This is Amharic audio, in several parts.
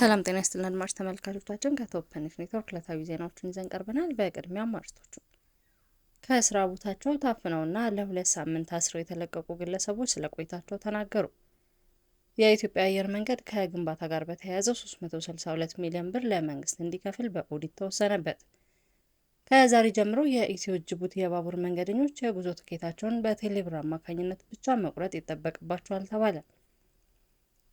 ሰላም ጤና ይስጥልን አድማጭ ተመልካቾቻችን፣ ከቶፕንሽ ኔትወርክ ዕለታዊ ዜናዎችን ይዘን ቀርበናል። በቅድሚያ አርዕስቶቹን። ከስራ ቦታቸው ታፍነውና ለሁለት ሳምንት አስረው የተለቀቁ ግለሰቦች ስለ ቆይታቸው ተናገሩ። የኢትዮጵያ አየር መንገድ ከግንባታ ጋር በተያያዘ 362 ሚሊዮን ብር ለመንግስት እንዲከፍል በኦዲት ተወሰነበት። ከዛሬ ጀምሮ የኢትዮ ጅቡቲ የባቡር መንገደኞች የጉዞ ትኬታቸውን በቴሌብር አማካኝነት ብቻ መቁረጥ ይጠበቅባቸዋል ተባለ።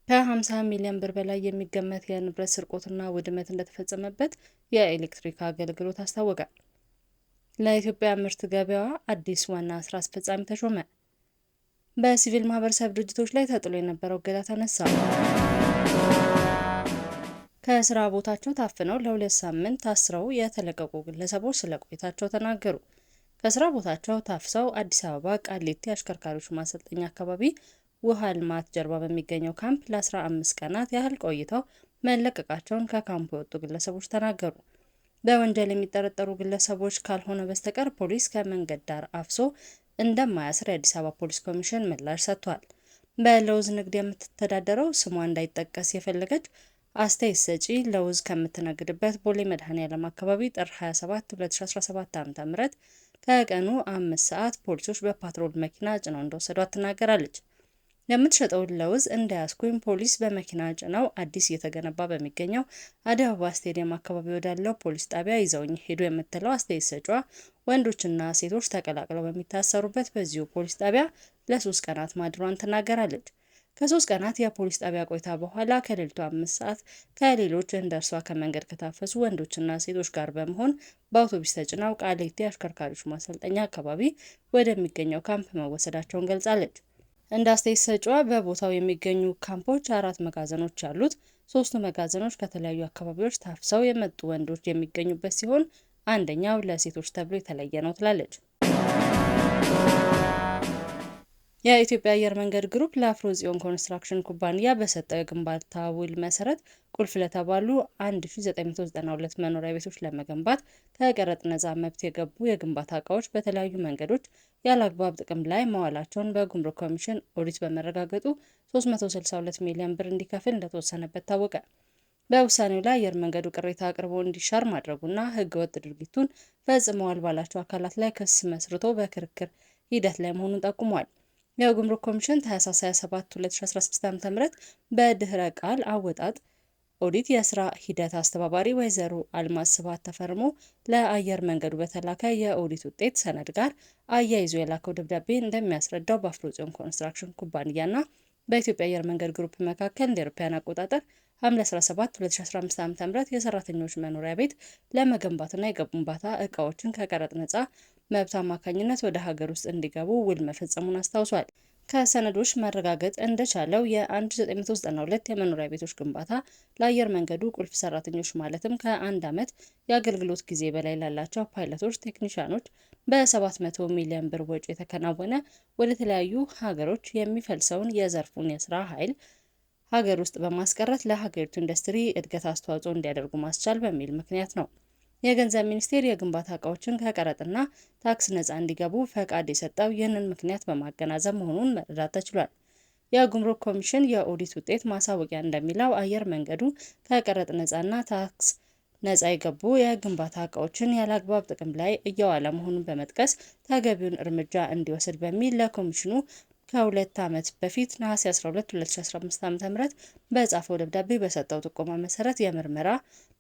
ከ50 ሚሊዮን ብር በላይ የሚገመት የንብረት ስርቆትና ውድመት እንደተፈጸመበት የኤሌክትሪክ አገልግሎት አስታወቀ። ለኢትዮጵያ ምርት ገበያዋ አዲስ ዋና ስራ አስፈጻሚ ተሾመ። በሲቪል ማህበረሰብ ድርጅቶች ላይ ተጥሎ የነበረው እገዳ ተነሳ። ከስራ ቦታቸው ታፍነው ለሁለት ሳምንት ታስረው የተለቀቁ ግለሰቦች ስለ ቆይታቸው ተናገሩ። ከስራ ቦታቸው ታፍሰው አዲስ አበባ ቃሊቲ አሽከርካሪዎች ማሰልጠኛ አካባቢ ውሃ ልማት ጀርባ በሚገኘው ካምፕ ለ15 ቀናት ያህል ቆይተው መለቀቃቸውን ከካምፑ የወጡ ግለሰቦች ተናገሩ። በወንጀል የሚጠረጠሩ ግለሰቦች ካልሆነ በስተቀር ፖሊስ ከመንገድ ዳር አፍሶ እንደማያስር የአዲስ አበባ ፖሊስ ኮሚሽን ምላሽ ሰጥቷል። በለውዝ ንግድ የምትተዳደረው ስሟ እንዳይጠቀስ የፈለገች አስተያየት ሰጪ ለውዝ ከምትነግድበት ቦሌ መድኃኔዓለም አካባቢ ጥር 27 2017 ዓ.ም ከቀኑ አምስት ሰዓት ፖሊሶች በፓትሮል መኪና ጭነው እንደወሰዷት ትናገራለች። የምትሸጠውን ለውዝ እንዳያስኩኝ ፖሊስ በመኪና ጭነው አዲስ እየተገነባ በሚገኘው አዲስ አበባ ስቴዲየም አካባቢ ወዳለው ፖሊስ ጣቢያ ይዘውኝ ሄዱ የምትለው አስተያየት ሰጫ ወንዶችና ሴቶች ተቀላቅለው በሚታሰሩበት በዚሁ ፖሊስ ጣቢያ ለሶስት ቀናት ማድሯን ትናገራለች። ከሶስት ቀናት የፖሊስ ጣቢያ ቆይታ በኋላ ከሌሊቱ አምስት ሰዓት ከሌሎች እንደርሷ ከመንገድ ከታፈሱ ወንዶችና ሴቶች ጋር በመሆን በአውቶቡስ ተጭነው ቃሊቲ አሽከርካሪዎች ማሰልጠኛ አካባቢ ወደሚገኘው ካምፕ መወሰዳቸውን ገልጻለች። እንደ አስተያየት ሰጪዋ በቦታው የሚገኙ ካምፖች አራት መጋዘኖች አሉት። ሶስቱ መጋዘኖች ከተለያዩ አካባቢዎች ታፍሰው የመጡ ወንዶች የሚገኙበት ሲሆን አንደኛው ለሴቶች ተብሎ የተለየ ነው ትላለች። የኢትዮጵያ አየር መንገድ ግሩፕ ለአፍሮ ጽዮን ኮንስትራክሽን ኩባንያ በሰጠው የግንባታ ውል መሰረት ቁልፍ ለተባሉ 1992 መኖሪያ ቤቶች ለመገንባት ከቀረጥ ነጻ መብት የገቡ የግንባታ እቃዎች በተለያዩ መንገዶች ያለአግባብ ጥቅም ላይ መዋላቸውን በጉምሩክ ኮሚሽን ኦዲት በመረጋገጡ 362 ሚሊዮን ብር እንዲከፍል እንደተወሰነበት ታወቀ። በውሳኔው ላይ አየር መንገዱ ቅሬታ አቅርቦ እንዲሻር ማድረጉና ሕገ ወጥ ድርጊቱን ፈጽመዋል ባላቸው አካላት ላይ ክስ መስርቶ በክርክር ሂደት ላይ መሆኑን ጠቁሟል። የጉምሩክ ኮሚሽን ታህሳስ 27 2016 ም በድህረ ቃል አወጣጥ ኦዲት የስራ ሂደት አስተባባሪ ወይዘሮ አልማዝ ስብሐት ተፈርሞ ለአየር መንገዱ በተላከ የኦዲት ውጤት ሰነድ ጋር አያይዞ የላከው ደብዳቤ እንደሚያስረዳው በአፍሮጽዮን ኮንስትራክሽን ኩባንያና በኢትዮጵያ አየር መንገድ ግሩፕ መካከል እንደ አውሮፓውያን አቆጣጠር ሐምሌ 17 2015 ዓ.ም የሰራተኞች መኖሪያ ቤት ለመገንባትና የግንባታ እቃዎችን ከቀረጥ ነጻ መብት አማካኝነት ወደ ሀገር ውስጥ እንዲገቡ ውል መፈጸሙን አስታውሷል። ከሰነዶች መረጋገጥ እንደቻለው የ1992 የመኖሪያ ቤቶች ግንባታ ለአየር መንገዱ ቁልፍ ሰራተኞች ማለትም ከአንድ ዓመት የአገልግሎት ጊዜ በላይ ላላቸው ፓይለቶች፣ ቴክኒሽያኖች በ700 ሚሊዮን ብር ወጪ የተከናወነ ወደ ተለያዩ ሀገሮች የሚፈልሰውን የዘርፉን የስራ ኃይል ሀገር ውስጥ በማስቀረት ለሀገሪቱ ኢንዱስትሪ እድገት አስተዋጽኦ እንዲያደርጉ ማስቻል በሚል ምክንያት ነው። የገንዘብ ሚኒስቴር የግንባታ እቃዎችን ከቀረጥና ታክስ ነጻ እንዲገቡ ፈቃድ የሰጠው ይህንን ምክንያት በማገናዘብ መሆኑን መረዳት ተችሏል። የጉምሩክ ኮሚሽን የኦዲት ውጤት ማሳወቂያ እንደሚለው አየር መንገዱ ከቀረጥ ነጻና ታክስ ነጻ የገቡ የግንባታ እቃዎችን ያለአግባብ ጥቅም ላይ እየዋለ መሆኑን በመጥቀስ ተገቢውን እርምጃ እንዲወስድ በሚል ለኮሚሽኑ ከሁለት ዓመት በፊት ነሐሴ 12 2015 ዓ.ም በጻፈው ደብዳቤ በሰጠው ጥቆማ መሰረት የምርመራ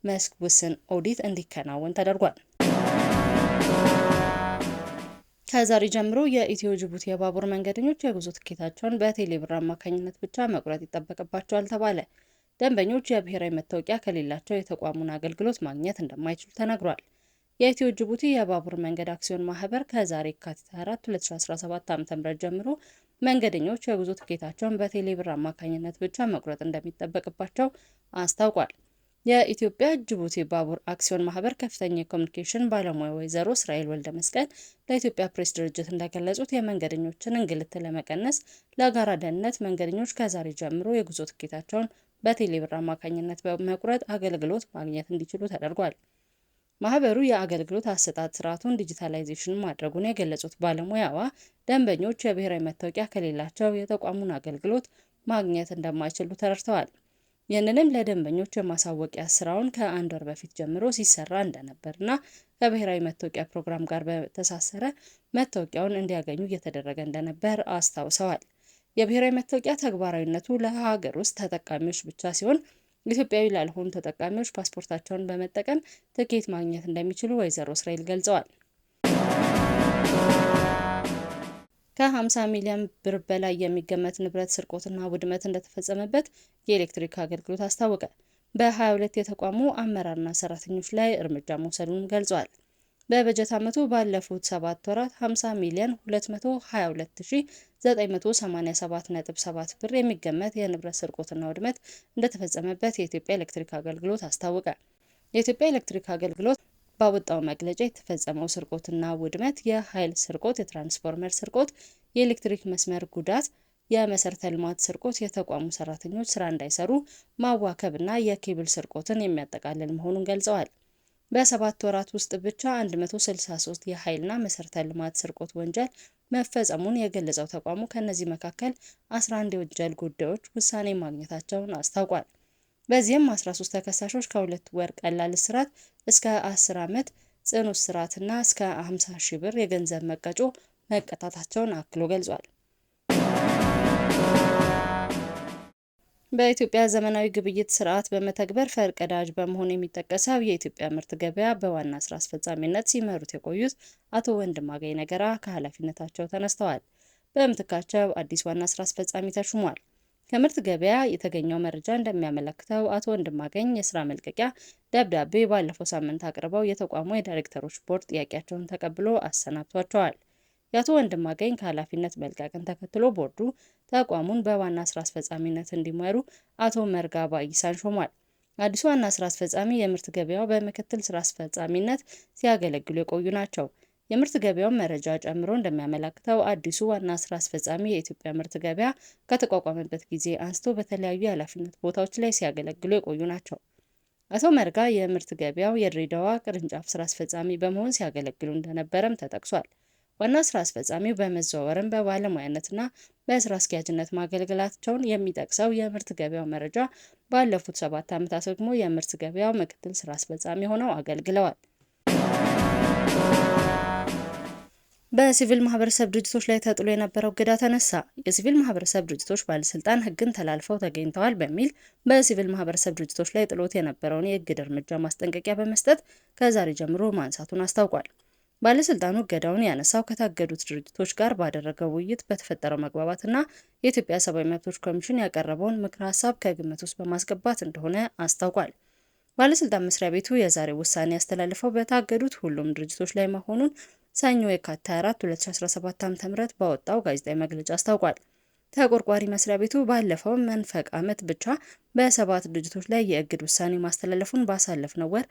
መስክ ውስን ኦዲት እንዲከናወን ተደርጓል። ከዛሬ ጀምሮ የኢትዮ ጅቡቲ የባቡር መንገደኞች የጉዞ ትኬታቸውን በቴሌብር አማካኝነት ብቻ መቁረጥ ይጠበቅባቸዋል ተባለ። ደንበኞች የብሔራዊ መታወቂያ ከሌላቸው የተቋሙን አገልግሎት ማግኘት እንደማይችሉ ተነግሯል። የኢትዮ ጅቡቲ የባቡር መንገድ አክሲዮን ማህበር ከዛሬ የካቲት 24 2017 ዓ.ም ጀምሮ መንገደኞች የጉዞ ትኬታቸውን በቴሌ ብር አማካኝነት ብቻ መቁረጥ እንደሚጠበቅባቸው አስታውቋል። የኢትዮጵያ ጅቡቲ ባቡር አክሲዮን ማህበር ከፍተኛ የኮሚኒኬሽን ባለሙያ ወይዘሮ እስራኤል ወልደ መስቀል ለኢትዮጵያ ፕሬስ ድርጅት እንደገለጹት የመንገደኞችን እንግልት ለመቀነስ ለጋራ ደህንነት መንገደኞች ከዛሬ ጀምሮ የጉዞ ትኬታቸውን በቴሌ ብር አማካኝነት በመቁረጥ አገልግሎት ማግኘት እንዲችሉ ተደርጓል። ማህበሩ የአገልግሎት አሰጣጥ ስርዓቱን ዲጂታላይዜሽን ማድረጉን የገለጹት ባለሙያዋ ደንበኞች የብሔራዊ መታወቂያ ከሌላቸው የተቋሙን አገልግሎት ማግኘት እንደማይችሉ ተረድተዋል። ይህንንም ለደንበኞች የማሳወቂያ ስራውን ከአንድ ወር በፊት ጀምሮ ሲሰራ እንደነበርና ከብሔራዊ መታወቂያ ፕሮግራም ጋር በተሳሰረ መታወቂያውን እንዲያገኙ እየተደረገ እንደነበር አስታውሰዋል። የብሔራዊ መታወቂያ ተግባራዊነቱ ለሀገር ውስጥ ተጠቃሚዎች ብቻ ሲሆን ኢትዮጵያዊ ላልሆኑ ተጠቃሚዎች ፓስፖርታቸውን በመጠቀም ትኬት ማግኘት እንደሚችሉ ወይዘሮ እስራኤል ገልጸዋል። ከ50 ሚሊዮን ብር በላይ የሚገመት ንብረት ስርቆትና ውድመት እንደተፈጸመበት የኤሌክትሪክ አገልግሎት አስታወቀ። በ22 የተቋሙ አመራርና ሰራተኞች ላይ እርምጃ መውሰዱን ገልጿል። በበጀት ዓመቱ ባለፉት ሰባት ወራት 50 ሚሊዮን 222987.7 ብር የሚገመት የንብረት ስርቆትና ውድመት እንደተፈጸመበት የኢትዮጵያ ኤሌክትሪክ አገልግሎት አስታወቀ። የኢትዮጵያ ኤሌክትሪክ አገልግሎት ባወጣው መግለጫ የተፈጸመው ስርቆትና ውድመት የኃይል ስርቆት፣ የትራንስፎርመር ስርቆት፣ የኤሌክትሪክ መስመር ጉዳት የመሰረተ ልማት ስርቆት፣ የተቋሙ ሰራተኞች ስራ እንዳይሰሩ ማዋከብና የኬብል ስርቆትን የሚያጠቃልል መሆኑን ገልጸዋል። በሰባት ወራት ውስጥ ብቻ 163 የኃይልና መሰረተ ልማት ስርቆት ወንጀል መፈጸሙን የገለጸው ተቋሙ ከእነዚህ መካከል 11 የወንጀል ጉዳዮች ውሳኔ ማግኘታቸውን አስታውቋል። በዚህም 13 ተከሳሾች ከሁለት ወር ቀላል እስራት እስከ 10 ዓመት ጽኑ እስራትና እስከ 50 ሺህ ብር የገንዘብ መቀጮ መቀጣታቸውን አክሎ ገልጿል። በኢትዮጵያ ዘመናዊ ግብይት ስርዓት በመተግበር ፈርቀዳጅ በመሆን የሚጠቀሰው የኢትዮጵያ ምርት ገበያ በዋና ስራ አስፈጻሚነት ሲመሩት የቆዩት አቶ ወንድማገኝ ነገራ ከኃላፊነታቸው ተነስተዋል። በምትካቸው አዲስ ዋና ስራ አስፈጻሚ ተሹሟል። ከምርት ገበያ የተገኘው መረጃ እንደሚያመለክተው አቶ ወንድማገኝ የስራ መልቀቂያ ደብዳቤ ባለፈው ሳምንት አቅርበው የተቋሙ የዳይሬክተሮች ቦርድ ጥያቄያቸውን ተቀብሎ አሰናብቷቸዋል። የአቶ ወንድማገኝ ከኃላፊነት መልቀቅን ተከትሎ ቦርዱ ተቋሙን በዋና ስራ አስፈጻሚነት እንዲመሩ አቶ መርጋ ባይሳን ሾሟል። አዲሱ ዋና ስራ አስፈጻሚ የምርት ገበያው በምክትል ስራ አስፈጻሚነት ሲያገለግሉ የቆዩ ናቸው። የምርት ገበያውን መረጃ ጨምሮ እንደሚያመላክተው አዲሱ ዋና ስራ አስፈጻሚ የኢትዮጵያ ምርት ገበያ ከተቋቋመበት ጊዜ አንስቶ በተለያዩ የኃላፊነት ቦታዎች ላይ ሲያገለግሉ የቆዩ ናቸው። አቶ መርጋ የምርት ገበያው የድሬዳዋ ቅርንጫፍ ስራ አስፈጻሚ በመሆን ሲያገለግሉ እንደነበረም ተጠቅሷል። ዋና ስራ አስፈጻሚው በመዘዋወርም በባለሙያነትና በስራ አስኪያጅነት ማገልገላቸውን የሚጠቅሰው የምርት ገበያው መረጃ ባለፉት ሰባት ዓመታት ደግሞ የምርት ገበያው ምክትል ስራ አስፈጻሚ ሆነው አገልግለዋል። በሲቪል ማህበረሰብ ድርጅቶች ላይ ተጥሎ የነበረው እገዳ ተነሳ። የሲቪል ማህበረሰብ ድርጅቶች ባለስልጣን ህግን ተላልፈው ተገኝተዋል በሚል በሲቪል ማህበረሰብ ድርጅቶች ላይ ጥሎት የነበረውን የእግድ እርምጃ ማስጠንቀቂያ በመስጠት ከዛሬ ጀምሮ ማንሳቱን አስታውቋል። ባለስልጣኑ እገዳውን ያነሳው ከታገዱት ድርጅቶች ጋር ባደረገው ውይይት በተፈጠረው መግባባትና የኢትዮጵያ ሰብአዊ መብቶች ኮሚሽን ያቀረበውን ምክር ሀሳብ ከግምት ውስጥ በማስገባት እንደሆነ አስታውቋል። ባለስልጣን መስሪያ ቤቱ የዛሬ ውሳኔ ያስተላልፈው በታገዱት ሁሉም ድርጅቶች ላይ መሆኑን ሰኞ የካቲት 24 2017 ዓ.ም ባወጣው ጋዜጣዊ መግለጫ አስታውቋል። ተቆርቋሪ መስሪያ ቤቱ ባለፈው መንፈቅ ዓመት ብቻ በሰባት ድርጅቶች ላይ የእግድ ውሳኔ ማስተላለፉን ባሳለፍነው ወር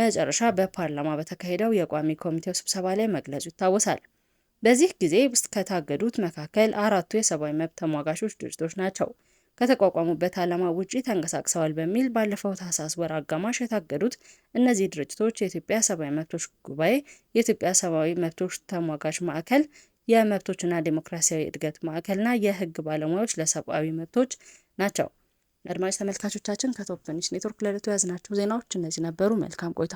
መጨረሻ በፓርላማ በተካሄደው የቋሚ ኮሚቴው ስብሰባ ላይ መግለጹ ይታወሳል። በዚህ ጊዜ ውስጥ ከታገዱት መካከል አራቱ የሰብአዊ መብት ተሟጋቾች ድርጅቶች ናቸው። ከተቋቋሙበት ዓላማ ውጪ ተንቀሳቅሰዋል በሚል ባለፈው ታህሳስ ወር አጋማሽ የታገዱት እነዚህ ድርጅቶች የኢትዮጵያ ሰብአዊ መብቶች ጉባኤ፣ የኢትዮጵያ ሰብአዊ መብቶች ተሟጋች ማዕከል፣ የመብቶችና ዴሞክራሲያዊ እድገት ማዕከልና የህግ ባለሙያዎች ለሰብአዊ መብቶች ናቸው። አድማጭ ተመልካቾቻችን ከቶፕ ኒውስ ኔትወርክ ለዕለቱ ያዝናቸው ዜናዎች እነዚህ ነበሩ። መልካም ቆይታ